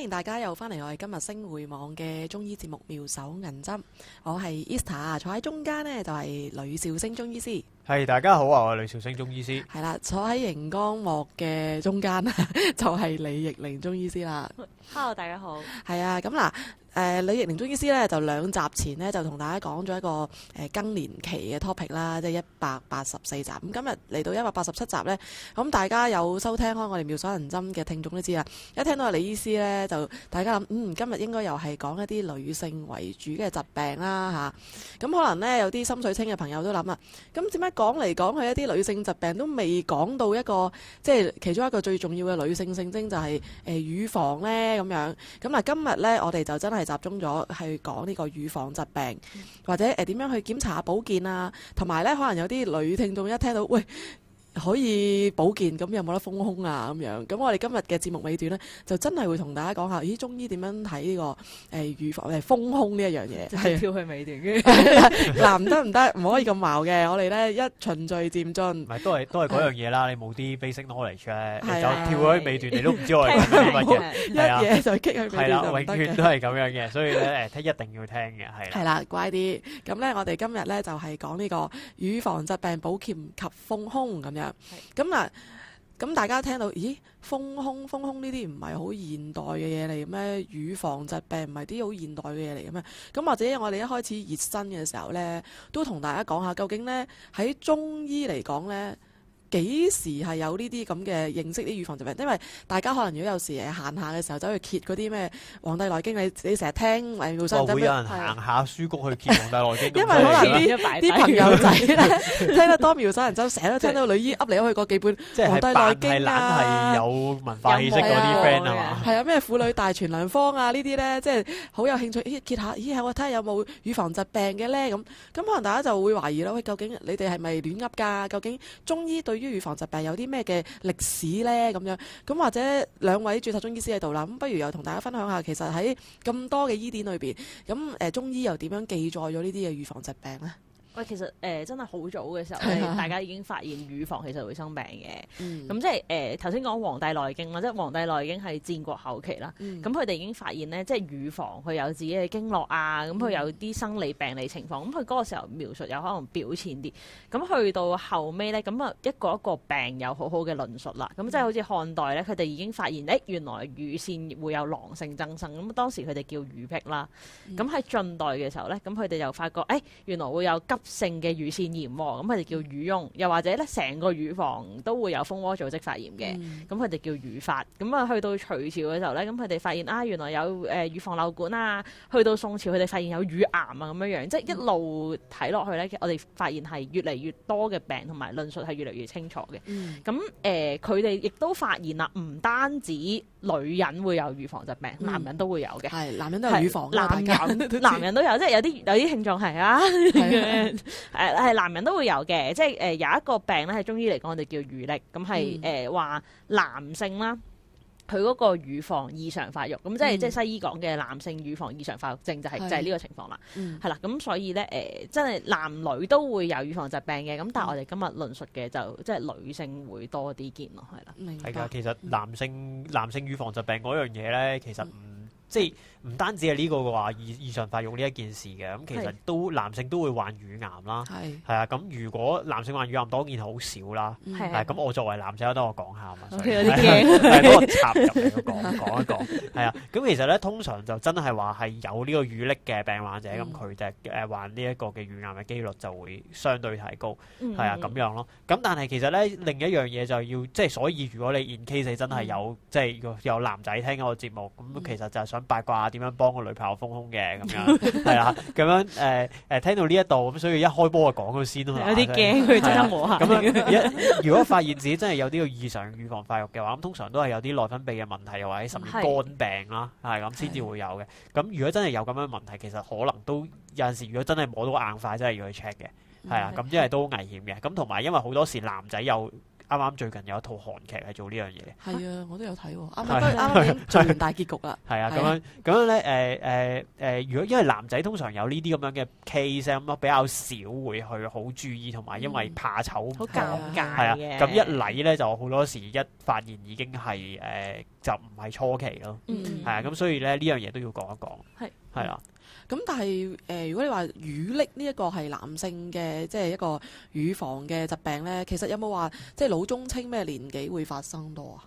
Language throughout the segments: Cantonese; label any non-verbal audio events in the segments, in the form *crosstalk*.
歡迎大家又翻嚟，我哋今日星匯網嘅中醫節目《妙手銀針》，我係 Esther，坐喺中間呢就係呂兆星中醫師。係，大家好啊，我係呂兆星中醫師。係啦，坐喺熒光幕嘅中間就係李逸玲中醫師啦。Hello，大家好。係啊，咁嗱。誒、呃、李易玲中醫師咧，就兩集前呢，就同大家講咗一個誒、呃、更年期嘅 topic 啦，即係一百八十四集。咁今日嚟到一百八十七集呢，咁大家有收聽開我哋《妙手銀針》嘅聽眾都知啊，一聽到李醫師呢，就大家諗，嗯，今日應該又係講一啲女性為主嘅疾病啦，嚇、啊。咁、啊、可能呢，有啲心水清嘅朋友都諗啊，咁點解講嚟講去一啲女性疾病都未講到一個，即係其中一個最重要嘅女性性徵就係、是、誒、呃、乳房呢？咁樣。咁啊，今日呢，我哋就真係～係集中咗，係講呢個乳房疾病，或者誒點、呃、樣去檢查下保健啊，同埋咧可能有啲女聽眾一聽到，喂，可以保健咁有冇得豐胸啊咁樣？咁我哋今日嘅節目尾段咧，就真係會同大家講下，咦？中醫點樣睇呢個誒預防誒豐胸呢一樣嘢？就跳去尾段，嗱對，唔得唔得？唔可以咁矛嘅。我哋咧一循序漸進。唔都係都係嗰樣嘢啦。啊、你冇啲 basic knowledge 咧對，就跳去尾段，你都唔知我係乜嘢。一嘢就激去。係啦，永遠都係咁樣嘅，所以咧誒， *laughs* 一定要聽嘅係。係啦，乖啲。咁咧，我哋今日咧就係、係、講呢個預防疾病、保健及豐胸咁樣。咁嗱，咁、嗯、大家聽到，咦，豐胸、豐胸呢啲唔係好現代嘅嘢嚟咩？乳房疾病唔係啲好現代嘅嘢嚟嘅咩？咁或者我哋一開始熱身嘅時候呢，都同大家講下，究竟呢喺中醫嚟講呢。幾時係有呢啲咁嘅認識啲預防疾病？因為大家可能如果有時誒行下嘅時候走去揭嗰啲咩《黃帝內經》你，你你成日聽，誒、哦、會有人行下書局去揭《黃帝內經》。 *laughs* 因為可能啲 *laughs* 朋友仔咧， *laughs* 聽得多妙手銀針成日都聽到女醫噏嚟噏去嗰幾本《黃帝內經》啊。係啊、呃，咩、呃呃呃、婦女大全良方啊 *laughs* 呢啲咧，即係好有興趣。咦、哎，揭下，咦我睇下有冇預防疾病嘅咧咁。咁可能大家就會懷疑啦。喂，究竟你哋係咪亂噏㗎？究竟中醫對於預防疾病有啲咩嘅歷史呢？咁樣，咁或者兩位註冊中醫師喺度啦，咁不如又同大家分享下，其實喺咁多嘅醫典裏邊，咁誒、呃、中醫又點樣記載咗呢啲嘅預防疾病呢？喂，其實誒、呃、真係好早嘅時候，係大家已經發現乳房其實會生病嘅。咁即係誒頭先講《黃、呃、帝內經》啦，即係《黃帝內經》係戰國後期啦。咁佢哋已經發現咧，即係乳房佢有自己嘅經絡啊，咁佢有啲生理病理情況。咁佢嗰個時候描述有可能表淺啲。咁去到後尾咧，咁啊一個一個病有好好嘅論述啦。咁即係好似漢代咧，佢哋已經發現誒、欸、原來乳腺會有囊性增生，咁當時佢哋叫乳癖啦。咁喺晉代嘅時候咧，咁佢哋又發覺誒、欸、原來會有急性嘅乳腺炎、哦，咁佢哋叫乳癰；又或者咧，成個乳房都會有蜂窩組織發炎嘅，咁佢哋叫乳發。咁啊，去到隋朝嘅時候咧，咁佢哋發現啊，原來有誒、呃、乳房漏管啊；去到宋朝，佢哋發現有乳癌啊，咁樣樣，即係一路睇落去咧，我哋發現係越嚟越多嘅病，同埋論述係越嚟越清楚嘅。咁誒、嗯，佢哋亦都發現啦，唔單止。女人會有乳房疾病，男人都會有嘅。係、嗯，男人都有乳房嘅，男大男人都有，即係有啲有啲性狀係啊。係係 *laughs* 嗎，呃、男人都會有嘅，即係誒、呃、有一個病咧，喺中醫嚟講，我哋叫乳癧，咁係誒話男性啦。佢嗰個乳房異常發育，咁即係即係西醫講嘅男性乳房異常發育症，就係，是就係就係呢個情況啦，係啦，嗯。咁所以咧，誒、呃，真係男女都會有乳房疾病嘅。咁但係我哋今日論述嘅就即係、嗯、女性會多啲見咯，係啦。明白。係噶，其實男性男性乳房疾病嗰樣嘢咧，其實唔、嗯。即係唔單止係呢個嘅話異異常發育呢一件事嘅，咁其實都男性都會患乳癌啦，係啊的，咁如果男性患乳癌當然好少啦，係咁的我作為男仔等我講下嘛，okay, 所以有啲驚，係 okay, *laughs* *laughs* 插入嚟講講一講，係啊， *laughs* 咁其實咧通常就真係話係有呢個乳粒嘅病患者，咁佢哋患呢一個嘅乳癌嘅機率就會相對提高，係啊咁樣咯，咁但係其實咧另一樣嘢就要即係所以如果你 in case 真係有 *laughs* 即係有，有男仔聽我個節目，咁其實就係想。八卦點樣幫個女朋友豐胸嘅咁樣，係啦，咁樣誒誒聽到呢一度，咁所以一開波就講佢先啦。有啲驚佢真係摸下。咁如果發現自己真係有啲嘅異常乳房發育嘅話，咁通常都係有啲內分泌嘅問題，或者甚至肝病啦，係咁先至會有嘅。咁如果真係有咁樣問題，其實可能都有陣時，如果真係摸到硬塊，真係要去 check 嘅，係啊，咁因為都危險嘅。咁同埋因為好多時男仔有。啱啱最近有一套韓劇係做呢樣嘢，係啊，我都有睇喎，啱啱啱啱已經大結局啦。係 *laughs* 啊，咁、啊啊、樣咁樣咧，誒誒誒，如果因為男仔通常有呢啲咁樣嘅 case 咁咯，比較少會去好注意，同埋因為怕醜，好、嗯、說尷尬，係啊，咁、啊、的一嚟咧就好多時一發現已經係誒、呃、就唔係初期咯，係、嗯、啊，咁所以咧呢樣嘢都要講一講，係係啦。嗯咁但係誒、呃，如果你話乳癧呢一個係男性嘅，即係一個乳房嘅疾病咧，其實有冇話即係老中青咩年紀會發生多啊？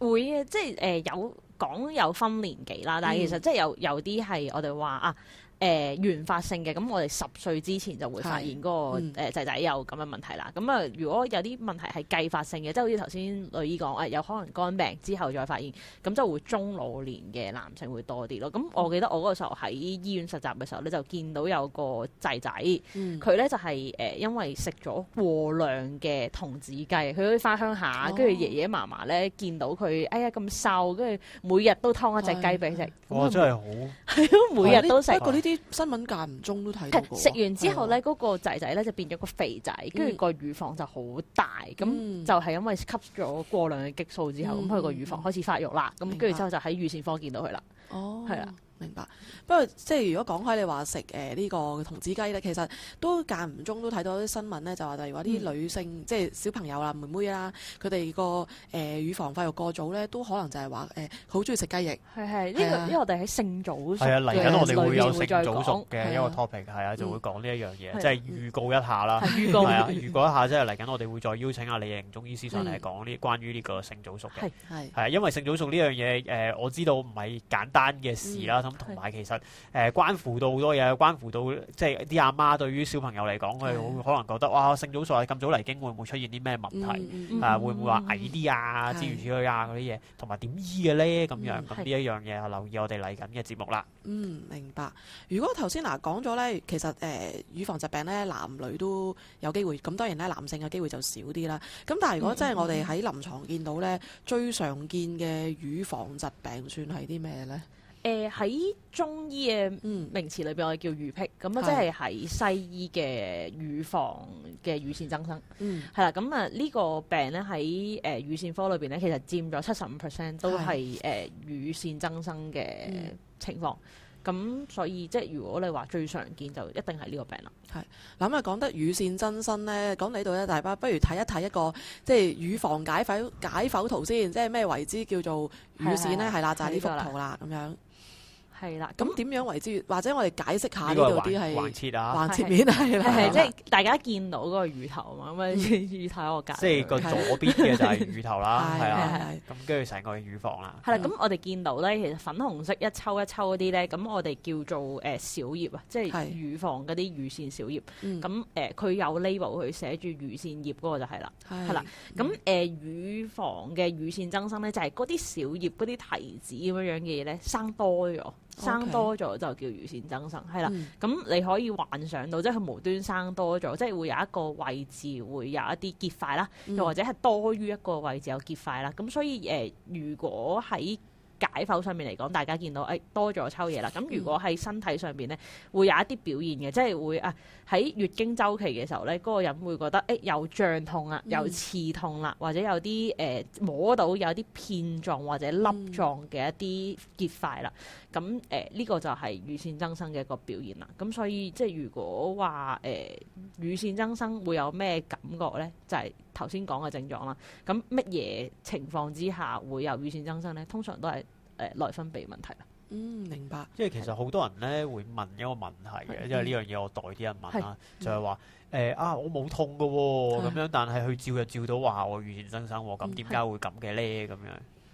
會啊，即係誒、呃、有講有分年紀啦，但係其實即係有有啲係我哋話啊。誒原發性嘅，咁我哋十歲之前就會發現嗰個仔仔有咁嘅問題啦。咁啊，如果有啲問題係繼發性嘅，即係好似頭先女醫講，誒有可能肝病之後再發現，咁就會中老年嘅男性會多啲咯。咁我記得我嗰個時候喺醫院實習嘅時候咧，就見到有個仔仔，佢咧就係誒因為食咗過量嘅童子雞，佢去返鄉下，跟住爺爺嫲嫲咧見到佢，哎呀咁瘦，跟住每日都劏一隻雞俾佢食。哇！真係好。係咯，每日都食。新聞間唔中都睇到，食完之後咧，嗰、哦、個仔仔咧就變咗個肥仔，跟住個乳房就好大，咁、嗯、就係因為吸咗過量嘅激素之後，咁佢個乳房開始發育啦，咁跟住之後就喺乳腺科見到佢啦。哦，係啦。明白。不過即係如果講開你話食誒呢個童子雞咧，其實都間唔中都睇到啲新聞咧，就話例如話啲女性即係小朋友啦、妹妹啦，佢哋個誒乳房發育過早咧，都可能就係話誒好中意食雞翼。係係，呢個因為我哋喺性早熟。係啊，嚟緊我哋會有性早熟嘅一個 topic，係啊，就會講呢一樣嘢，即係預告一下啦。預告預告一下，即係嚟緊我哋會再邀請阿李盈中醫師上嚟講呢關於呢個性早熟嘅。係係，因為性早熟呢樣嘢誒，我知道唔係簡單嘅事啦。同埋，其實誒關乎到好多嘢，關乎到，關乎到即係啲阿媽對於小朋友嚟講，佢的可能覺得哇，性早熟咁早嚟經會唔會出現啲咩問題？嗯嗯、啊？會唔會話矮啲啊？的諸如此類啊嗰啲嘢，同埋點醫嘅咧？咁樣咁呢一樣嘢，留意我哋嚟緊嘅節目啦。嗯，明白。如果頭先嗱講咗咧，其實誒、呃，乳房疾病咧，男女都有機會。咁當然咧，男性嘅機會就少啲啦。咁但係如果真係、嗯、我哋喺臨床見到咧，最常見嘅乳房疾病算係啲咩咧？誒喺中醫嘅名詞裏邊，我哋叫乳癖，咁啊即係喺西醫嘅乳房嘅乳腺增生，係啦，咁啊呢個病咧喺誒乳腺科裏邊咧，其實佔咗七十五 percent 都係誒乳腺增生嘅情況，咁所以即係如果你話最常見就一定係呢個病啦。係，諗啊講得乳腺增生咧，講嚟到咧大家不如睇一睇一個即係乳房解剖解剖圖先，即係咩為之叫做乳腺咧？係啦，就係呢幅圖啦，咁樣。係啦，咁點樣為之？或者我哋解釋下呢度啲係橫切啊，橫切面係啦，即係大家見到嗰個乳頭啊嘛，咁啊魚，睇我解。即係個左邊嘅就係乳頭啦，係啦，咁跟住成個乳房啦。係啦，咁我哋見到咧，其實粉紅色一抽一抽嗰啲咧，咁我哋叫做誒小葉啊，即係乳房嗰啲乳腺小葉。嗯。咁誒，佢有 label 佢寫住乳腺葉嗰個就係啦，係啦。咁誒，乳房嘅乳腺增生咧，就係嗰啲小葉嗰啲提子咁樣樣嘅嘢咧，生多咗。生多咗就叫乳腺增生，係啦。咁、嗯、你可以幻想到，即係佢無端生多咗，即係會有一個位置會有一啲結塊啦，嗯、又或者係多於一個位置有結塊啦。咁所以誒、呃，如果喺解剖上面嚟講，大家見到誒、哎、多咗抽嘢啦。咁、嗯、如果喺身體上面咧，會有一啲表現嘅，即係會啊喺月經周期嘅時候咧，嗰、那個人會覺得誒、哎、有脹痛啊，有刺痛啦、啊，嗯、或者有啲誒、呃、摸到有啲片狀或者粒狀嘅一啲結塊啦。咁誒呢個就係乳腺增生嘅一個表現啦。咁所以即係如果話誒，乳腺增生會有咩感覺咧？就係頭先講嘅症狀啦。咁乜嘢情況之下會有乳腺增生咧？通常都係誒、內分泌問題啦。嗯，明白。即係其實好多人咧會問一個問題嘅，的因為呢樣嘢我代啲人問啦，的就係話誒啊，我冇痛㗎喎、哦，咁樣但係佢照又照到話我乳腺增生，咁點解會咁嘅咧？咁樣。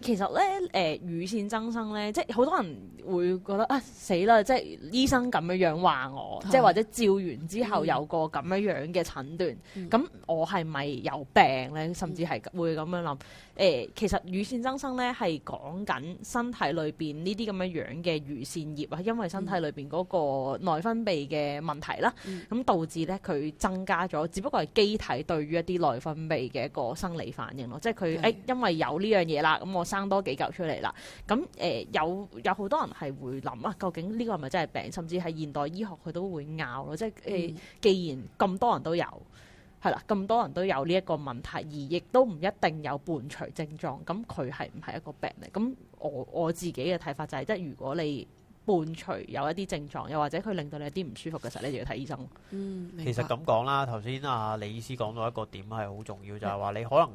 其實咧，誒、呃、乳腺增生咧，即係好多人會覺得啊死啦！即係醫生咁樣樣話我，對即係或者照完之後有個咁樣樣嘅診斷，咁、嗯、我係咪有病咧？甚至係會咁樣諗誒、嗯呃？其實乳腺增生咧係講緊身體裏邊呢啲咁樣樣嘅乳腺葉啊，因為身體裏邊嗰個內分泌嘅問題啦，咁、嗯、導致咧佢增加咗，只不過係機體對於一啲內分泌嘅一個生理反應咯，即係佢誒因為有呢樣嘢啦，咁、嗯、我。嗯生多幾嚿出嚟啦，咁誒、呃、有有好多人係會諗啊，究竟呢個係咪真係病？甚至喺現代醫學佢都會拗咯，即係、呃嗯、既然咁多人都有，係啦，咁多人都有呢一個問題，而亦都唔一定有伴隨症狀，咁佢係唔係一個病嚟？咁我我自己嘅睇法就係、是，即係如果你，伴隨有一啲症狀，又或者佢令到你有啲唔舒服嘅時候，你就要睇醫生。嗯，其實咁講啦，頭先啊李醫師講到一個點係好重要，就係話你可能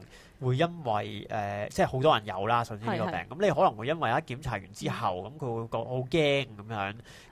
會因為誒，即係好多人有啦，首先呢個病，咁你可能會因為一檢查完之後，咁佢會覺好驚咁樣。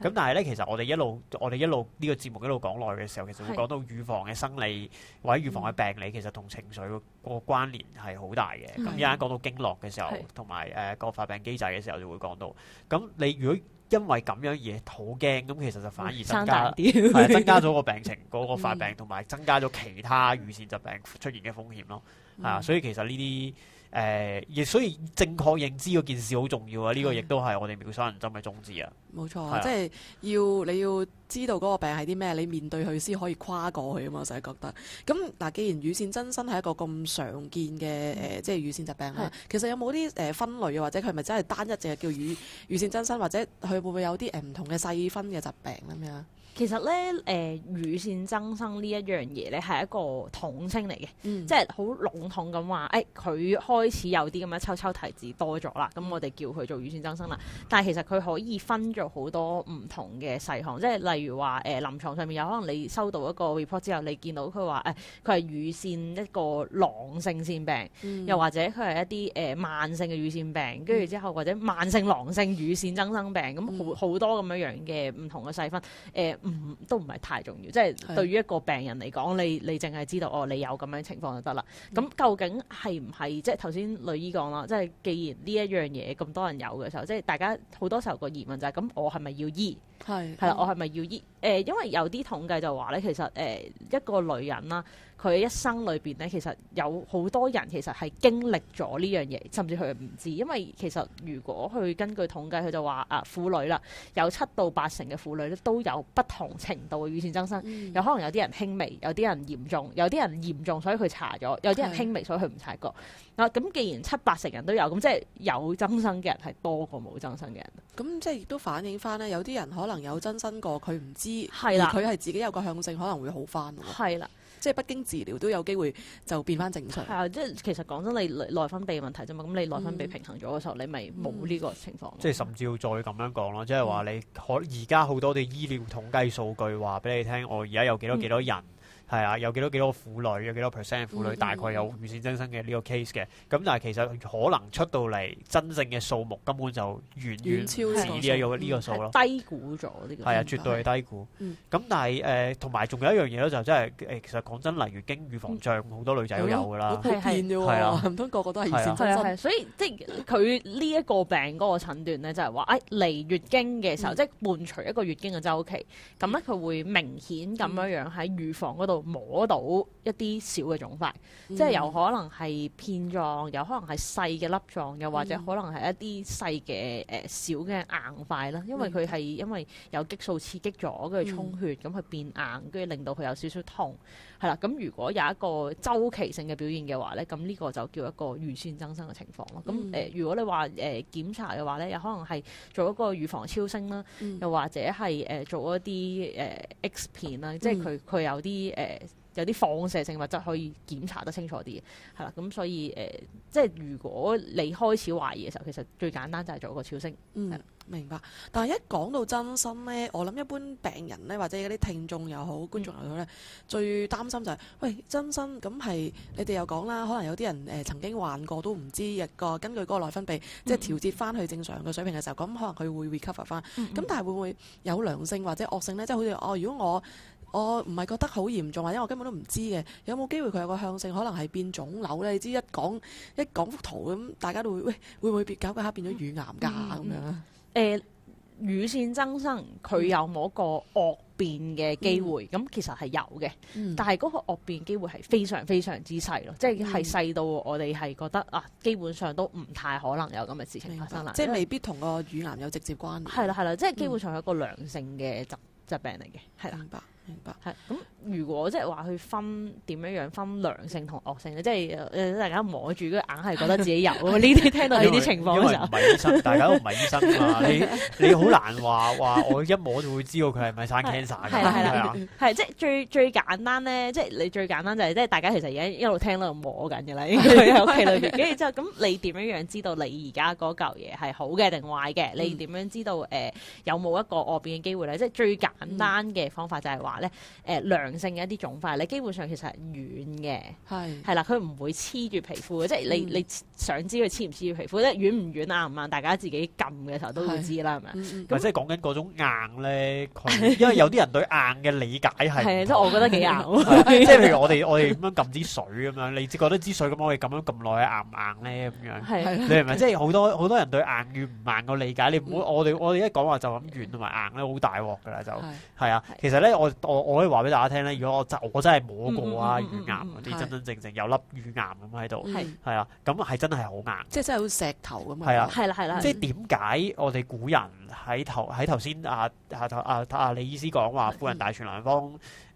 咁但係呢，其實我哋一路我哋一路呢個節目一路講落去嘅時候，其實會講到預防嘅生理或者預防嘅病理，其實同情緒個關聯係好大嘅。咁而家講到經絡嘅時候，同埋誒個發病機制嘅時候，就會講到。咁你如果因為咁樣嘢，好驚，咁其實就反而增加，係大 *laughs* 增加咗個病情，嗰 *laughs* 個發病同埋增加咗其他乳腺疾病出現嘅風險咯。嗯、啊，所以其實呢啲。誒，亦、呃、所以正確認知嗰件事好重要啊！呢、嗯、個亦都係我哋妙手銀針嘅宗旨啊！冇錯錯的即係要你要知道嗰個病係啲咩，你面對佢先可以跨過去啊嘛！嗯、我成日覺得。咁嗱，既然乳腺增生係一個咁常見嘅誒、呃，即係乳腺疾病啦，是其實有冇啲誒分類啊？或者佢咪真係單一隻叫乳乳腺增生，或者佢會唔會有啲誒唔同嘅細分嘅疾病咁樣？想想想其實咧，誒、呃、乳腺增生呢一樣嘢咧，係一個統稱嚟嘅，嗯、即係好籠統咁話，誒、哎、佢開始有啲咁樣抽抽提子多咗啦，咁、嗯、我哋叫佢做乳腺增生啦。嗯、但係其實佢可以分咗好多唔同嘅細項，即係例如話，誒、呃、臨床上面有可能你收到一個 report 之後，你見到佢話，誒佢係乳腺一個狼性腺病，嗯、又或者佢係一啲誒、呃、慢性嘅乳腺病，跟住之後或者慢性狼性乳腺增生病，咁好好多咁樣樣嘅唔同嘅細分，誒、呃。呃呃唔都唔係太重要，即係對於一個病人嚟講是，你你淨係知道哦，你有咁樣情況就得啦。咁究竟係唔係即係頭先女醫講啦？即係既然呢一樣嘢咁多人有嘅時候，即係大家好多時候個疑問就係、是：咁我係咪要醫？係係啦，我係咪要醫？誒、呃，因為有啲統計就話咧，其實誒、呃、一個女人啦。佢一生裏邊咧，其實有好多人其實係經歷咗呢樣嘢，甚至佢唔知。因為其實如果去根據統計，佢就話啊婦女啦，有七到八成嘅婦女咧都有不同程度嘅乳腺增生，有、嗯、可能有啲人輕微，有啲人嚴重，有啲人嚴重，所以佢查咗；有啲人輕微，所以佢唔察覺。嗱咁是既然七八成人都有，咁即係有增生嘅人係多過冇增生嘅人。咁即係亦都反映翻咧，有啲人可能有增生過，佢唔知，而佢係自己有個向性可能會好翻。係啦。即係不經治療都有機會就變翻正常。係啊，即係其實講真，你內分泌問題啫嘛，咁你內分泌平衡咗嘅時候，嗯、你咪冇呢個情況。即係甚至要再咁樣講咯，即係話你可而家好多啲醫療統計數據話俾你聽，我而家有幾多幾多人。嗯係啊，有幾多幾多婦女，有幾多 percent 婦女大概有乳腺增生嘅呢個 case 嘅，咁但係其實可能出到嚟真正嘅數目根本就遠遠，遠超呢啲嘅呢個數咯，嗯、低估咗呢個，係啊，絕對係低估。咁、嗯嗯、但係誒，同埋仲有一樣嘢咧，就真、是、係、欸、其實講真，嚟月經乳房脹好多女仔都有㗎啦，好變㗎喎，唔、嗯、通、啊啊啊啊、個個都係乳腺增生、啊啊？所以即係佢呢一個病嗰個診斷咧，就係話誒嚟月經嘅時候，嗯、即係伴隨一個月經嘅周期，咁咧佢會明顯咁樣樣喺乳房嗰度。摸到一啲小嘅腫塊，即係有可能係片狀，有可能係細嘅粒狀，又或者可能係一啲細嘅誒、呃、小嘅硬塊啦。因為佢係因為有激素刺激咗，跟住充血，咁佢、嗯、變硬，跟住令到佢有少少痛，係啦。咁如果有一個周期性嘅表現嘅話咧，咁呢個就叫一個乳腺增生嘅情況咯。咁誒、呃，如果你話誒、呃、檢查嘅話咧，有可能係做一個預防超聲啦，又或者係誒、呃、做一啲誒、呃、X 片啦，en，即係佢佢有啲誒。呃誒、呃，有啲放射性物質可以檢查得清楚啲，係啦、啊。咁、嗯、所以誒、呃，即係如果你開始懷疑嘅時候，其實最簡單就係做一個超聲。啊、嗯，明白。但係一講到增生咧，我諗一般病人咧，或者嗰啲聽眾又好，觀眾又好咧，最擔心就係、是，喂，增生？咁係？你哋又講啦，可能有啲人誒曾經患過都唔知，一個根據嗰個內分泌即係調節翻去正常嘅水平嘅時候，咁可能佢會 recover 翻。咁、嗯、哼但係會唔會有良性或者惡性咧？即、就、係、是、好似哦，如果我我唔係覺得好嚴重，因為我根本都唔知嘅，有冇機會佢有個向性，可能係變腫瘤咧。你知一講一講幅圖咁，大家都會喂，會唔會變？搞下搞下變咗乳癌㗎咁樣。誒，乳腺增生佢有冇一個惡變嘅機會？咁其實係有嘅，但係嗰個惡變機會係非常非常之細咯，即係細到我哋係覺得啊，基本上都唔太可能有咁嘅事情發生啦，即係未必同個乳癌有直接關係。係啦係啦，即係基本上係一個良性嘅疾疾病嚟嘅，係啦。明白係咁，如果即係話去分點樣樣分良性同惡性咧，即係大家摸住跟住硬係覺得自己有咯。呢啲聽到呢啲情況嘅時候，因為唔係醫生，大家都唔係醫生嘛，你好難話話我一摸就會知道佢係咪生 cancer，係係係，即係最最簡單咧，即係你最簡單就係即係大家其實而家一路聽到，摸緊嘅啦，應該喺屋企裏邊。跟住之後咁，你點樣樣知道你而家嗰嚿嘢係好嘅定壞嘅？你點樣知道誒有冇一個惡變嘅機會咧？即係最簡單嘅方法就係話。咧，誒良性嘅一啲腫塊咧，基本上其實係軟嘅，係係啦，佢唔會黐住皮膚嘅，即係你你想知佢黐唔黐住皮膚咧，軟唔軟啊，硬唔硬？大家自己撳嘅時候都會知啦，係咪？同埋即係講緊嗰種硬咧，因為有啲人對硬嘅理解係，即係我覺得幾硬，即係譬如我哋我哋咁樣撳支水咁樣，你覺得支水咁我哋撳咁撳耐，硬唔硬咧？咁樣係係，你係咪？即係好多好多人對硬與唔硬個理解，你唔好我哋我哋一講話就咁軟同埋硬咧，好大鑊㗎啦，就係啊，其實咧我。我我可以話俾大家聽咧，如果我真我真係摸過啊，乳癌嗰啲真真正正有粒乳癌咁喺度，係啊，咁係真係好硬。即係真係好似石頭咁啊！係啦，係啦。即係點解我哋古人喺頭喺頭先啊啊啊李醫師講話《婦人大全良方》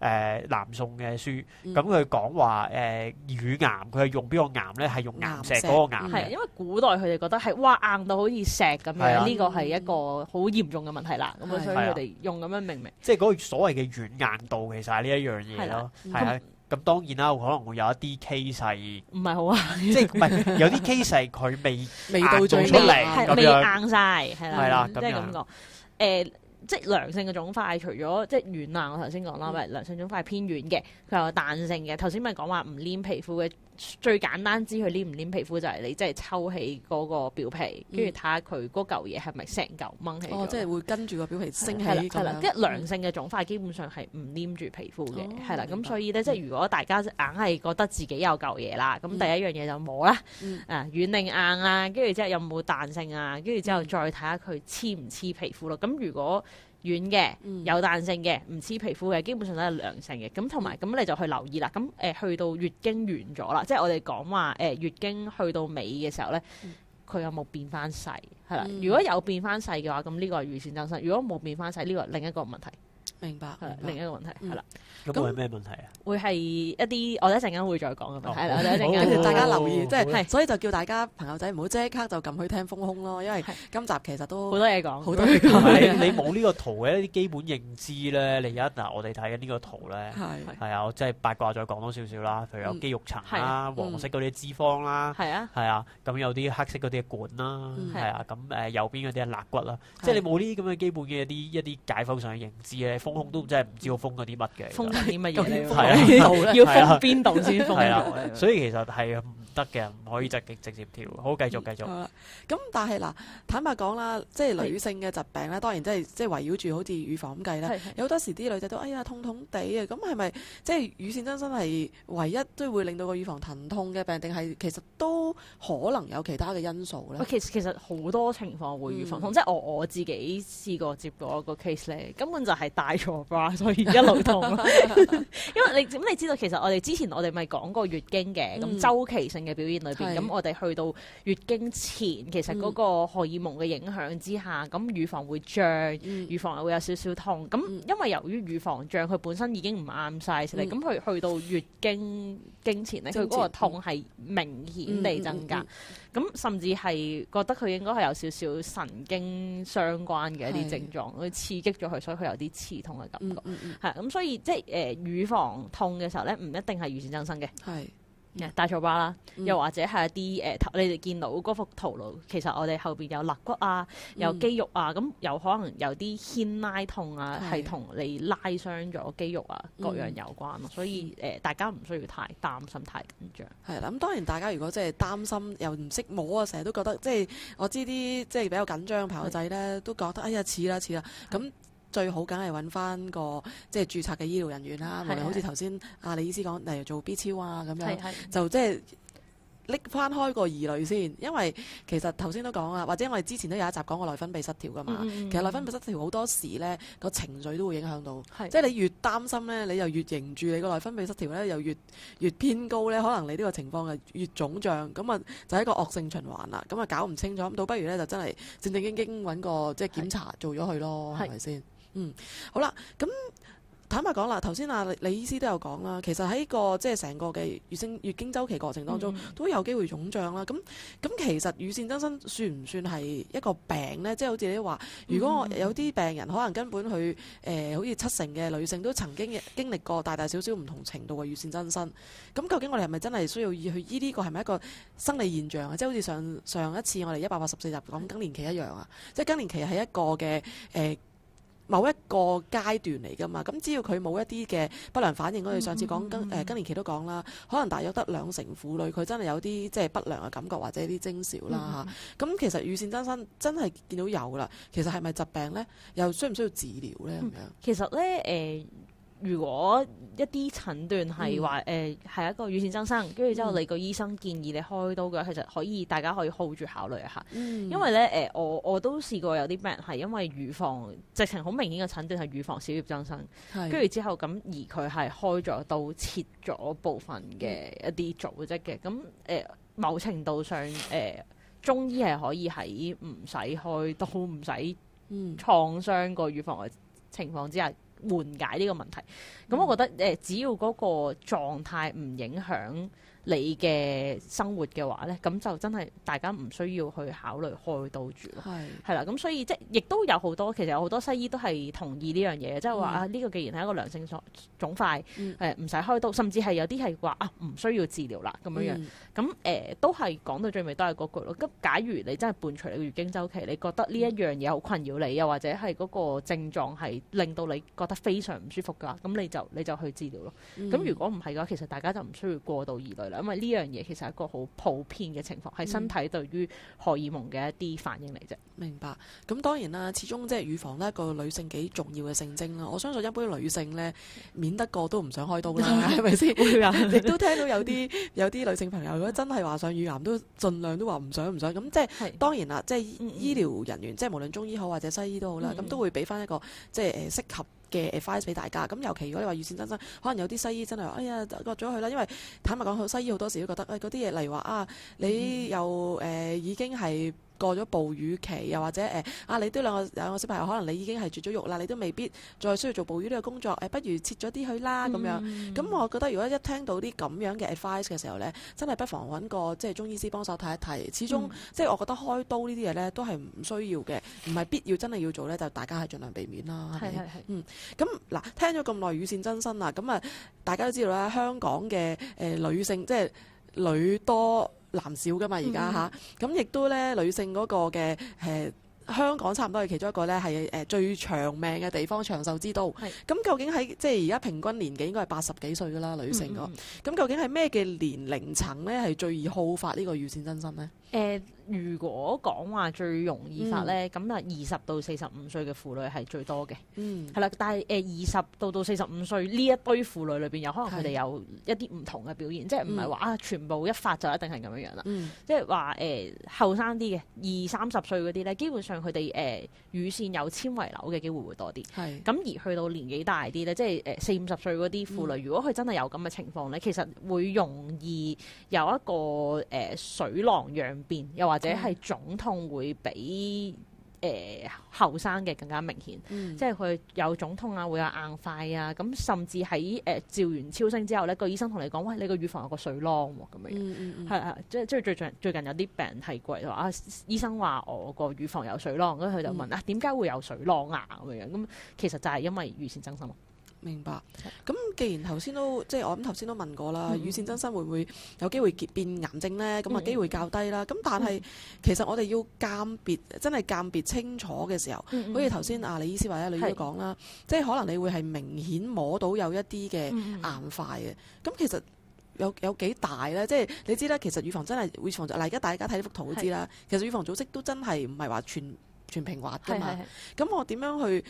誒南宋嘅書，咁佢講話誒乳癌，佢係用邊個癌咧？係用岩石嗰個岩。係因為古代佢哋覺得係哇硬到好似石咁樣，呢個係一個好嚴重嘅問題啦。咁所以佢哋用咁樣命名。即係嗰個所謂嘅軟。硬度其實係呢一樣嘢咯，係啊的，咁、嗯、當然啦，可能會有一啲 case，唔係好啊，即係唔係有啲 case 佢未未到做出嚟未樣，未硬晒，係啦，係啦，即係咁講，誒，即係良性嘅腫塊，除咗即係軟硬，我頭先講啦，咪、嗯、良性腫塊偏軟嘅，佢有彈性嘅，頭先咪講話唔黏皮膚嘅。最簡單知佢黏唔黏皮膚就係、是、你即係抽起嗰個表皮，跟住睇下佢嗰嚿嘢係咪成嚿掹起。哦，即係會跟住個表皮升起。係啦，跟 *noise* 良樣了性嘅腫塊基本上係唔黏住皮膚嘅。係啦、哦，咁了所以咧，即係如果大家硬係覺得自己有嚿嘢啦，咁第一樣嘢就摸啦，誒、嗯啊、軟定硬啊，跟住之後有冇彈性啊，跟住之後再睇下佢黐唔黐皮膚咯。咁如果軟嘅，有彈性嘅，唔黐皮膚嘅，基本上都係良性嘅。咁同埋咁你就去留意啦。咁誒、呃、去到月經完咗啦，即係我哋講話誒月經去到尾嘅時候咧，佢、嗯、有冇變翻細係啦？嗯、如果有變翻細嘅話，咁呢個係乳腺增生；如果冇變翻細，呢、呢個係另一個問題。明白，係另一個問題，係啦。咁係咩問題啊會係一啲，我哋一陣間會再講啊。係啦，我哋一陣間大家留意，即係，所以就叫大家朋友仔唔好即刻就撳去聽豐胸咯。因為今集其實都好多嘢講，好多嘢講。你冇呢個圖嘅一啲基本認知咧，你而家嗱，我哋睇緊呢個圖咧，係啊，即係八卦再講多少少啦。譬如有肌肉層啦，黃色嗰啲脂肪啦，係啊，係啊。咁有啲黑色嗰啲管啦，係啊。咁誒，右邊嗰啲係肋骨啦，即係你冇呢啲咁嘅基本嘅一啲一啲解剖上嘅認知咧。封空都真係唔知道封封 *laughs* 要封嗰啲乜嘅，封啲乜嘢？要封邊度先封啊！所以其實係唔得嘅，唔可以直直接跳。好，繼續繼續。咁、嗯嗯嗯嗯、但係嗱，坦白講啦，即係女性嘅疾病咧，當然即係即係圍繞住好似乳房咁計啦。有好多時啲女仔都哎呀痛痛地啊，咁係咪即係乳腺增生係唯一都會令到個乳房疼痛嘅病？定係其實都可能有其他嘅因素咧？其實其實好多情況會乳房痛，嗯、即係我我自己試過接過一個 case 咧，根本就係大大錯吧，所以一路痛。因為你咁，你知道其實我哋之前我哋咪講過月經嘅咁週期性嘅表現裏邊，咁是我哋去到月經前，其實嗰個荷爾蒙嘅影響之下，咁乳房會脹，嗯、乳房又會有少少痛。咁因為由於乳房脹，佢本身已經唔啱晒，你咁佢去到月經經前咧，佢嗰個痛係明顯地增加。咁、嗯嗯嗯、甚至係覺得佢應該係有少少神經相關嘅一啲症狀，佢是刺激咗佢，所以佢有啲刺痛嘅感覺，係咁、嗯嗯嗯，所以即係誒，乳房痛嘅時候咧，唔一定係乳腺增生嘅，係大錯疤啦，又或者係一啲誒、呃，你哋見到嗰幅圖咯，其實我哋後邊有肋骨啊，有肌肉啊，咁有可能有啲牽拉痛啊，係同你拉傷咗肌肉啊，各樣有關咯，所以誒，大家唔需要太擔心，太緊張。係啦，咁當然，大家如果即係擔心，又唔識摸啊，成日都覺得，即係我知啲即係比較緊張嘅朋友仔咧，ities, Children right. 都覺得哎呀，似啦似啦咁。最好梗係揾翻個即係註冊嘅醫療人員啦，我哋好似頭先啊李醫師講嚟做 B 超啊咁樣，就即係拎翻開個疑慮先。因為其實頭先都講啊，或者我哋之前都有一集講過內分泌失調㗎嘛。其實內分泌失調好多時呢個情緒都會影響到。即係你越擔心呢，你又越認住你個內分泌失調呢，又越越偏高呢。可能你呢個情況係越腫脹，咁啊就係一個惡性循環啦。咁啊搞唔清楚咁，倒不如呢就真係正正經經揾個即係檢查做咗佢咯，係咪先？嗯，好啦，咁、嗯、坦白講啦，頭先阿李醫師都有講啦，其實喺、這個即係成個嘅月經月經週期過程當中、嗯、都有機會腫脹啦。咁、嗯、咁、嗯嗯嗯、其實乳腺增生算唔算係一個病呢？即、就、係、是、好似你話，如果我有啲病人可能根本佢誒、呃，好似七成嘅女性都曾經經歷過大大小小唔同程度嘅乳腺增生。咁究竟我哋係咪真係需要去醫呢個係咪一個生理現象啊？即、就、係、是、好似上上一次我哋一百八十四集講更年期一樣啊，即係更年期係一個嘅誒。呃嗯某一個階段嚟㗎嘛，咁只要佢冇一啲嘅不良反應，我哋、mm hmm. 上次講更誒更年期都講啦，可能大約得兩成婦女佢真係有啲即係不良嘅感覺或者啲徵兆啦嚇，咁、mm hmm. 嗯、其實乳腺增生真係見到有啦，其實係咪疾病呢？又需唔需要治療呢？咁樣、嗯、其實呢。誒、呃。如果一啲診斷係話誒係一個乳腺增生，跟住之後你個醫生建議你開刀嘅，其實可以大家可以 hold 住考慮一下，嗯、因為咧誒、呃、我我都試過有啲病人係因為乳房直情好明顯嘅診斷係乳房小葉增生，跟住是之後咁而佢係開咗刀切咗部分嘅一啲組織嘅，咁誒、呃、某程度上誒、呃、中醫係可以喺唔使開刀、唔使創傷個乳房嘅情況之下。嗯緩解呢個問題，咁，嗯，我覺得誒，呃，只要嗰個狀態唔影響你嘅生活嘅話咧，咁就真係大家唔需要去考慮開刀住咯，係啦是，咁所以即亦都有好多其實有好多西醫都係同意呢樣嘢，即係話啊呢、這個既然係一個良性腫腫塊，唔使開刀，甚至係有啲係話啊唔需要治療啦咁樣樣，咁誒、嗯呃、都係講到最尾都係嗰句咯。咁假如你真係伴隨你嘅月經周期，你覺得呢一樣嘢好困擾你，又、嗯、或者係嗰個症狀係令到你覺得非常唔舒服㗎，咁你就你就，你就去治療咯。咁、嗯、如果唔係嘅話，其實大家就唔需要過度疑慮啦。咁啊呢樣嘢其實係一個好普遍嘅情況，係身體對於荷爾蒙嘅一啲反應嚟啫、嗯。明白。咁當然啦，始終即係乳房呢，個女性幾重要嘅性徵啦。我相信一般女性呢，免得過都唔想開刀啦，係咪先？會啊！亦都聽到有啲 *laughs* 有啲女性朋友，如果真係話上乳癌，都盡量都話唔想唔想。咁即係是當然啦，嗯、即係醫療人員，即係無論中醫好或者西醫都好啦，咁、嗯、都會俾翻一個即係誒適合嘅 advice 俾大家，咁尤其如果你話預先增生，可能有啲西醫真係話，哎呀，割咗佢啦，因為坦白講，西醫好多時都覺得，誒，嗰啲嘢，例如話啊，你又誒、呃、已經係。過咗哺乳期，又或者誒啊，你都兩個兩個小朋友，可能你已經係絕咗育啦，你都未必再需要做哺乳呢個工作，誒、啊，不如切咗啲去啦咁、嗯、樣。咁我覺得如果一聽到啲咁樣嘅 advice 嘅時候呢，真係不妨揾個即係中醫師幫手睇一睇。始終、嗯、即係我覺得開刀呢啲嘢呢都係唔需要嘅，唔係必要真係要做呢，就大家係盡量避免啦。係係係。是是嗯，咁嗱，聽咗咁耐乳腺增生啊，咁啊，大家都知道啦，香港嘅誒、呃、女性即係女多。女生多男少㗎嘛，而家吓，咁亦、嗯啊、都咧女性嗰個嘅誒、呃、香港差唔多係其中一個咧係誒最長命嘅地方，長壽之都。咁是、嗯嗯、究竟喺即係而家平均年紀應該係八十幾歲㗎啦，女性咯。咁究竟係咩嘅年齡層咧係最易好發個預真心呢個乳腺增生咧？誒、嗯。如果講話最容易發咧，咁啊二十到四十五歲嘅婦女係最多嘅，係啦、嗯。但係誒二十到到四十五歲呢一堆婦女裏邊，有可能佢哋有一啲唔同嘅表現，嗯、即係唔係話啊全部一發就一定係咁樣樣啦。嗯、即係話誒後生啲嘅二三十歲嗰啲咧，基本上佢哋誒乳腺有纖維瘤嘅機會會多啲。係咁是而去到年紀大啲咧，即係誒四五十歲嗰啲婦女，嗯、如果佢真係有咁嘅情況咧，其實會容易有一個誒、呃、水囊樣變，又或或者係腫痛會比誒後生嘅更加明顯，嗯、即係佢有腫痛啊，會有硬塊啊，咁、嗯、甚至喺誒、呃、照完超聲之後咧，個醫生同你講，喂，你個乳房有個水囊喎、啊，咁樣樣，嗯嗯、即係即係最近最近有啲病人係過嚟話啊，醫生話我個乳房有水囊，咁佢就問、嗯、啊，點解會有水囊啊？咁樣樣，咁其實就係因為乳腺增生。明白。咁既然頭先都即係我諗頭先都問過啦，乳腺增生會唔會有機會變癌症呢？咁啊機會較低啦。咁但係其實我哋要鑑別真係鑑別清楚嘅時候，好似頭先阿李醫師話咧，李醫生講啦，啊、是即係可能你會係明顯摸到有一啲嘅硬塊嘅。咁、嗯嗯、其實有有幾大呢？即係你知啦，其實預防真係會防。嗱而家大家睇呢幅圖都知啦，是其實乳房組織都真係唔係話全全平滑噶嘛。咁我點樣去？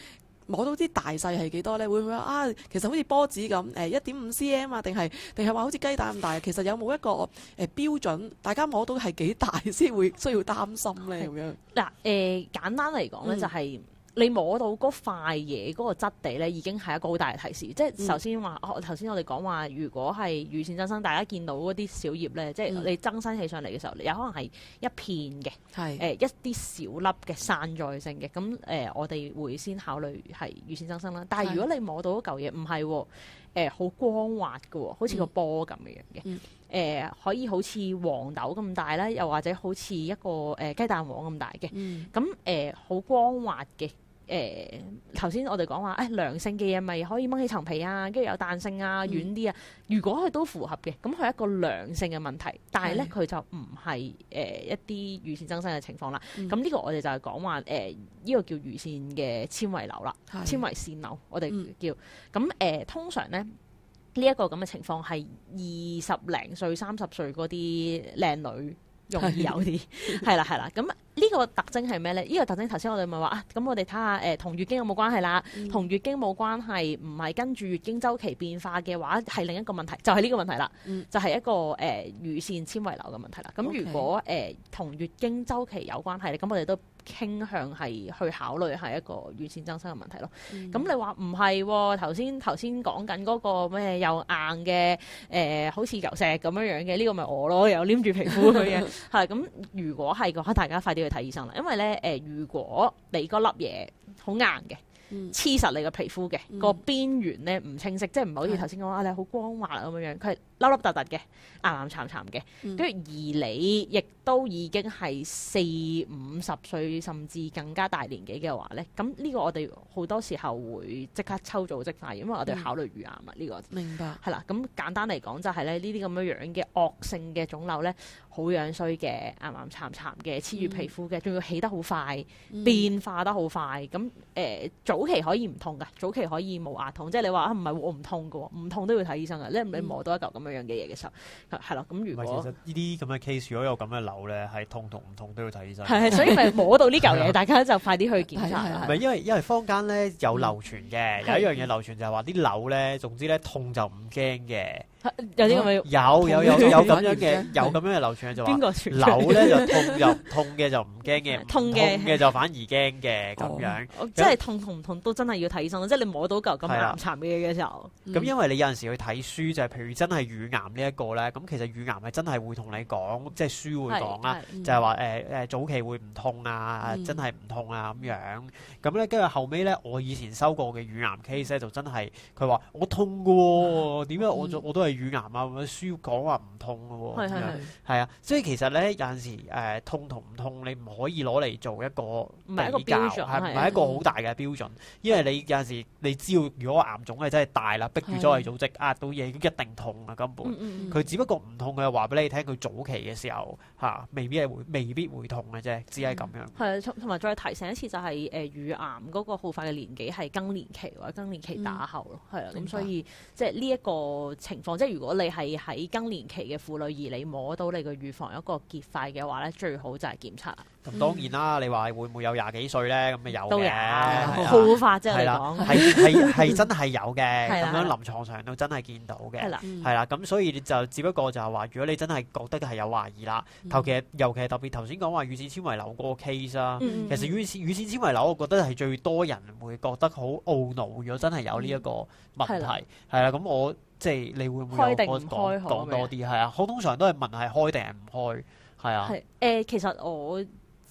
摸到啲大細係幾多咧？會唔會啊？其實好似波子咁，誒一點五 cm 啊，定係定係話好似雞蛋咁大？其實有冇一個誒、呃、標準？大家摸到係幾大先會需要擔心咧？咁樣嗱，誒、啊呃、簡單嚟講咧，就係、嗯。你摸到嗰塊嘢嗰個質地咧，已經係一個好大嘅提示。即係頭先話，頭先、嗯、我哋講話，如果係乳腺增生，大家見到嗰啲小葉咧，即係你增生起上嚟嘅時候，有可能係一片嘅，誒是、呃、一啲小粒嘅散在性嘅。咁誒、呃，我哋會先考慮係乳腺增生啦。但係如果你摸到一嚿嘢，唔係誒好光滑嘅，好似個波咁嘅樣嘅，誒、嗯嗯呃、可以好似黃豆咁大啦，又或者好似一個誒、呃、雞蛋黃咁大嘅，咁誒好光滑嘅。誒頭先我哋講話，誒、哎、良性嘅嘢咪可以掹起層皮啊，跟住有彈性啊，軟啲啊。嗯、如果佢都符合嘅，咁佢係一個良性嘅問題。但係咧，佢、嗯、就唔係誒一啲乳腺增生嘅情況啦。咁呢、嗯、個我哋就係講話誒，呢、呃這個叫乳腺嘅纖維瘤啦，纖維腺瘤我哋叫。咁誒、嗯嗯呃、通常咧，呢、這、一個咁嘅情況係二十零歲、三十歲嗰啲靚女。容易有啲，係啦係啦，咁呢、這個特徵係咩呢？呢、這個特徵頭先我哋咪話啊，咁我哋睇下誒同月經有冇關係啦。同、嗯、月經冇關係，唔係跟住月經周期變化嘅話，係另一個問題，就係、是、呢個問題啦。嗯、就係一個誒乳、呃、腺纖維瘤嘅問題啦。咁如果誒同 Okay.、呃、月經周期有關係咧，咁我哋都。傾向係去考慮係一個乳腺增生嘅問題咯。咁、嗯、你話唔係？頭先頭先講緊嗰個咩又硬嘅？誒、呃、好似岩石咁樣樣嘅呢個咪我咯，又黏住皮膚去嘅。係咁， *laughs* 如果係嘅話，大家快啲去睇醫生啦。因為咧誒、呃，如果你嗰粒嘢好硬嘅，黐實、嗯、你個皮膚嘅、嗯、個邊緣咧唔清晰，即係唔好似頭先講話你好光滑咁樣樣，佢係凹凹凸凸嘅，硬硬慘慘嘅。跟住、嗯、而你亦。乖乖 都已經係四五十歲，甚至更加大年紀嘅話咧，咁呢個我哋好多時候會即刻抽組織化，因為我哋考慮乳癌啊呢、這個。明白。係啦，咁簡單嚟講就係、是、咧，呢啲咁樣樣嘅惡性嘅腫瘤咧，好樣衰嘅，癌癌慘慘嘅，黐住皮膚嘅，仲要起得好快，變化得好快。咁誒、嗯呃，早期可以唔痛噶，早期可以冇牙痛，即係你話啊，唔係我唔痛噶，唔痛都要睇醫生啊。你你摸到一嚿咁樣樣嘅嘢嘅時候，係啦，咁如果其實呢啲咁嘅 case，如果有咁嘅瘤咧係痛同唔痛都要睇醫生，係係，所以咪摸到呢嚿嘢， *laughs* 啦大家就快啲去檢查。唔係 *laughs* 因為因為坊間咧有流傳嘅，嗯、有一樣嘢流傳就係話啲瘤咧，總之咧痛就唔驚嘅。有啲咁嘅，有有有有咁樣嘅，有咁樣嘅流傳就話，扭咧就痛，就痛嘅就唔驚嘅，唔痛嘅就反而驚嘅咁樣。即係痛同唔痛都真係要睇醫生。即係你摸到嚿咁咁沉嘅嘢嘅時候。咁因為你有陣時去睇書就係，譬如真係乳癌呢一個咧，咁其實乳癌係真係會同你講，即係書會講啦，就係話誒誒早期會唔痛啊，真係唔痛啊咁樣。咁咧跟住後尾咧，我以前收過嘅乳癌 case 咧，就真係佢話我痛嘅喎，點解我我都係。乳癌啊，書講話唔痛嘅喎。係係係，係啊，所以其實咧有陣時誒痛同唔痛，你唔可以攞嚟做一個比較，唔係一個標準，唔係一個好大嘅標準，因為你有陣時你知道如果癌腫係真係大啦，逼住周圍組織壓到嘢，已經一定痛啊根本。佢只不過唔痛，佢就話俾你聽佢早期嘅時候吓，未必係會未必會痛嘅啫，只係咁樣。係啊，同埋再提醒一次就係誒乳癌嗰個好發嘅年紀係更年期或者更年期打後咯，係啊，咁所以即係呢一個情況。即係如果你係喺更年期嘅婦女，而你摸到你個乳房一個結塊嘅話咧，最好就係檢查。咁當然啦，你話會唔會有廿幾歲咧？咁，啊有嘅，好快啫。係係係係真係有嘅。咁樣臨床上都真係見到嘅。係啦，係啦。咁所以就只不過就係話，如果你真係覺得係有懷疑啦，尤其尤其係特別頭先講話乳腺纖維瘤嗰個 case 啦，其實乳腺乳腺纖維瘤，我覺得係最多人會覺得好懊惱。如果真係有呢一個問題，係啦，咁我。即係你會唔會有開，開講，講多啲？係麼啊，好，通常都係問係開定係唔開，係啊。係誒、呃，其實我。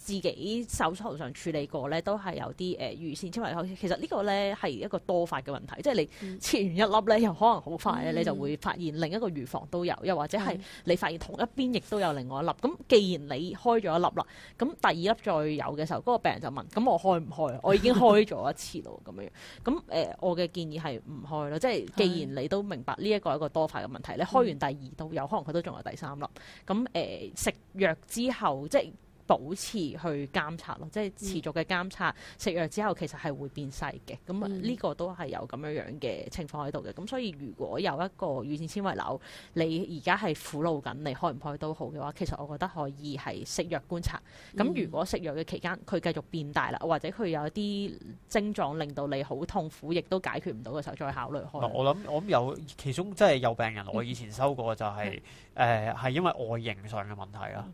自己手術上處理過咧，都係有啲誒、呃、乳腺纖維瘤。其實呢個咧係一個多發嘅問題，嗯、即係你切完一粒咧，又可能好快咧，你就會發現另一個乳房都有，又或者係你發現同一邊亦都有另外一粒。咁、嗯、既然你開咗一粒啦，咁第二粒再有嘅時候，嗰、那個病人就問：咁我開唔開？我已經開咗一次咯，咁樣。 *laughs* 咁、呃、誒，我嘅建議係唔開咯。即係既然你都明白呢一個係一個多發嘅問題，你開完第二都有、嗯、可能佢都仲有第三粒。咁誒、呃，食藥之後即係。保持去監察咯，即係持續嘅監察。嗯、食藥之後其實係會變細嘅，咁呢、嗯、個都係有咁樣樣嘅情況喺度嘅。咁所以如果有一個乳腺纖維瘤，你而家係苦惱緊，你開唔開都好嘅話，其實我覺得可以係食藥觀察。咁、嗯、如果食藥嘅期間佢繼續變大啦，或者佢有啲症狀令到你好痛苦，亦都解決唔到嘅時候，再考慮開我。我諗我諗有其中即係有病人，嗯、我以前收過就係誒係因為外形上嘅問題啦。嗯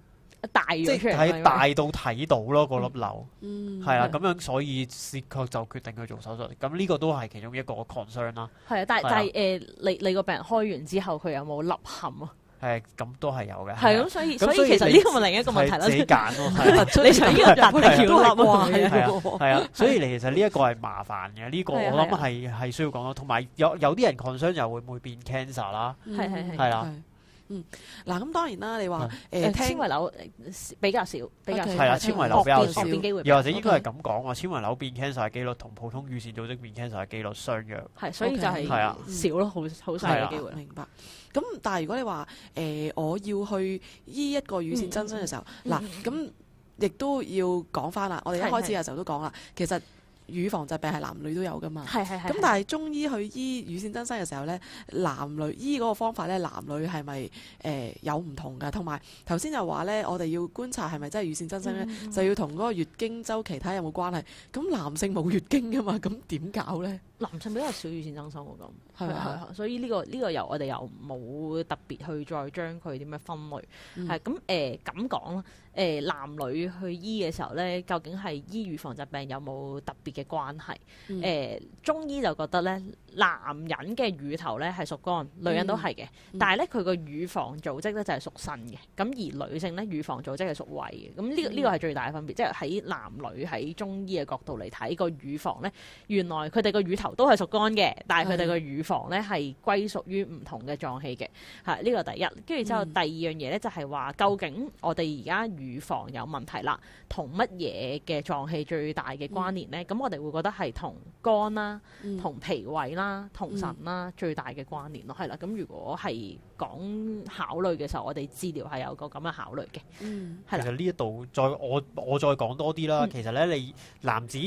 大即係大到睇到咯，個粒瘤，係啦，咁樣所以薛確就決定去做手術。咁呢個都係其中一個 concern 啦。係啊，但係但係誒，你你個病人開完之後，佢有冇凹陷啊？誒，咁都係有嘅。係咁，所以所以其實呢個係另一個問題，自己揀咯，你想呢個笪地要凹啊，係啊，係啊，所以其實呢一個係麻煩嘅，呢個我諗係係需要講咯。同埋有有啲人 concern 又會唔會變 cancer 啦，係係係，係啦。嗯，嗱，咁當然啦。你話誒，纖維瘤比較少，比較係啊，纖維瘤比較少，又或者應該係咁講喎，纖維瘤變 cancer 嘅機率同普通乳腺組織變 cancer 嘅機率相約，係，所以就係少咯，好好細嘅機會。明白。咁但係如果你話誒，我要去醫一個乳腺增生嘅時候，嗱，咁亦都要講翻啦。我哋一開始嘅時候都講啦，其實。乳房疾病係男女都有㗎嘛？係係係。咁但係中醫去醫乳腺增生嘅時候咧，男女醫嗰個方法咧，男女係咪誒有唔同㗎？同埋頭先就話咧，我哋要觀察係咪真係乳腺增生咧，嗯、就要同嗰個月經周期睇有冇關係。咁男性冇月經㗎嘛？咁點搞咧？男性比較少乳腺增生喎，咁。係啊，所以呢個呢個由我哋又冇特別去再將佢點樣分類，係咁誒咁講啦。誒男女去醫嘅時候咧，究竟係醫乳房疾病有冇特別嘅關係？誒中醫就覺得咧，男人嘅乳頭咧係屬肝，女人都係嘅，但係咧佢個乳房組織咧就係屬腎嘅。咁而女性咧，乳房組織係、就是、屬，屬胃嘅。咁呢個呢個係最大嘅分別，即係喺男女喺中醫嘅角度嚟睇個乳房咧，原來佢哋個乳頭都係屬肝嘅，但係佢哋個乳乳房咧係歸屬於唔同嘅臟器嘅，吓呢、呢個第一。跟住之後第二樣嘢咧就係話，究竟我哋而家乳房有問題啦，同乜嘢嘅臟器最大嘅關聯呢？咁、嗯、我哋會覺得係同肝啦、嗯、同脾胃啦、同腎啦、嗯、最大嘅關聯咯，係啦。咁如果係講考慮嘅時候，我哋治療係有個咁嘅考慮嘅，係、嗯、是的 其實呢一度再我我再講多啲啦。其實咧，你男子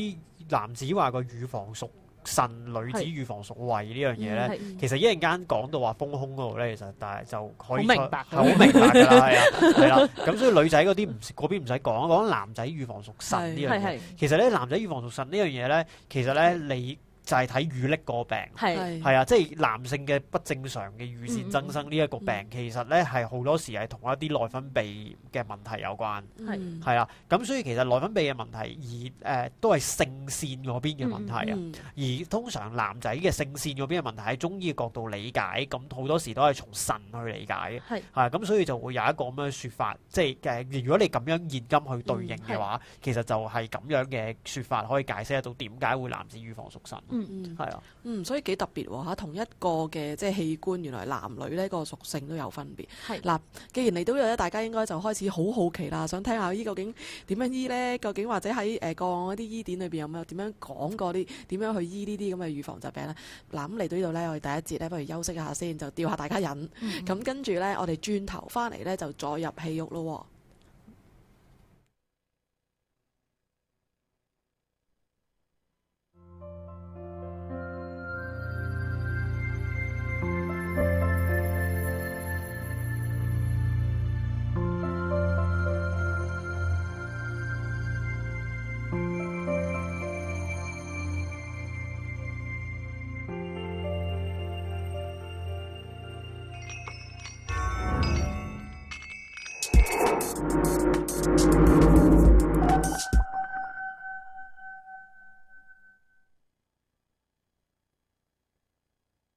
男子話個乳房屬。神女子預防熟胃呢樣嘢咧，其實一陣間講到話豐胸嗰度咧，其實但係就可以明白，好明白噶，係啊，係啦。咁所以女仔嗰啲唔，嗰邊唔使講，講男仔預防熟腎呢樣嘢，其實咧男仔預防熟腎呢樣嘢咧，其實咧你。就係睇乳溺個病，係是啊，即、就、係、是、男性嘅不正常嘅乳腺增生呢一、嗯、個病，其實咧係好多時係同一啲內分泌嘅問題有關，係係啦。咁、啊、所以其實內分泌嘅問、呃、問題，而誒都係性腺嗰邊嘅問題啊。而通常男仔嘅性腺嗰邊嘅問題，喺中醫角度理解，咁好多時都係從腎去理解嘅，係嚇、嗯。咁、啊、所以就會有一個咁樣嘅説法，即、就、係、是呃、如果你咁樣現今去對應嘅話，嗯嗯、其實就係咁樣嘅説法可以解釋得到點解會男子乳房屬腎。嗯，係啊，嗯，所以幾特別喎吓，同一個嘅即係器官，原來男女呢個屬性都有分別。係嗱是，既然嚟到呢度呢，大家應該就開始好好奇啦，想聽下醫、這個、究竟點樣醫呢？究竟或者喺誒過往嗰啲醫典裏邊有冇點樣講過啲點樣去醫呢啲咁嘅預防疾病呢？嗱，咁嚟到呢度呢，我哋第一節呢，不如休息一下先，就吊下大家癮。咁跟住呢，我哋轉頭翻嚟呢，就再入戲屋咯。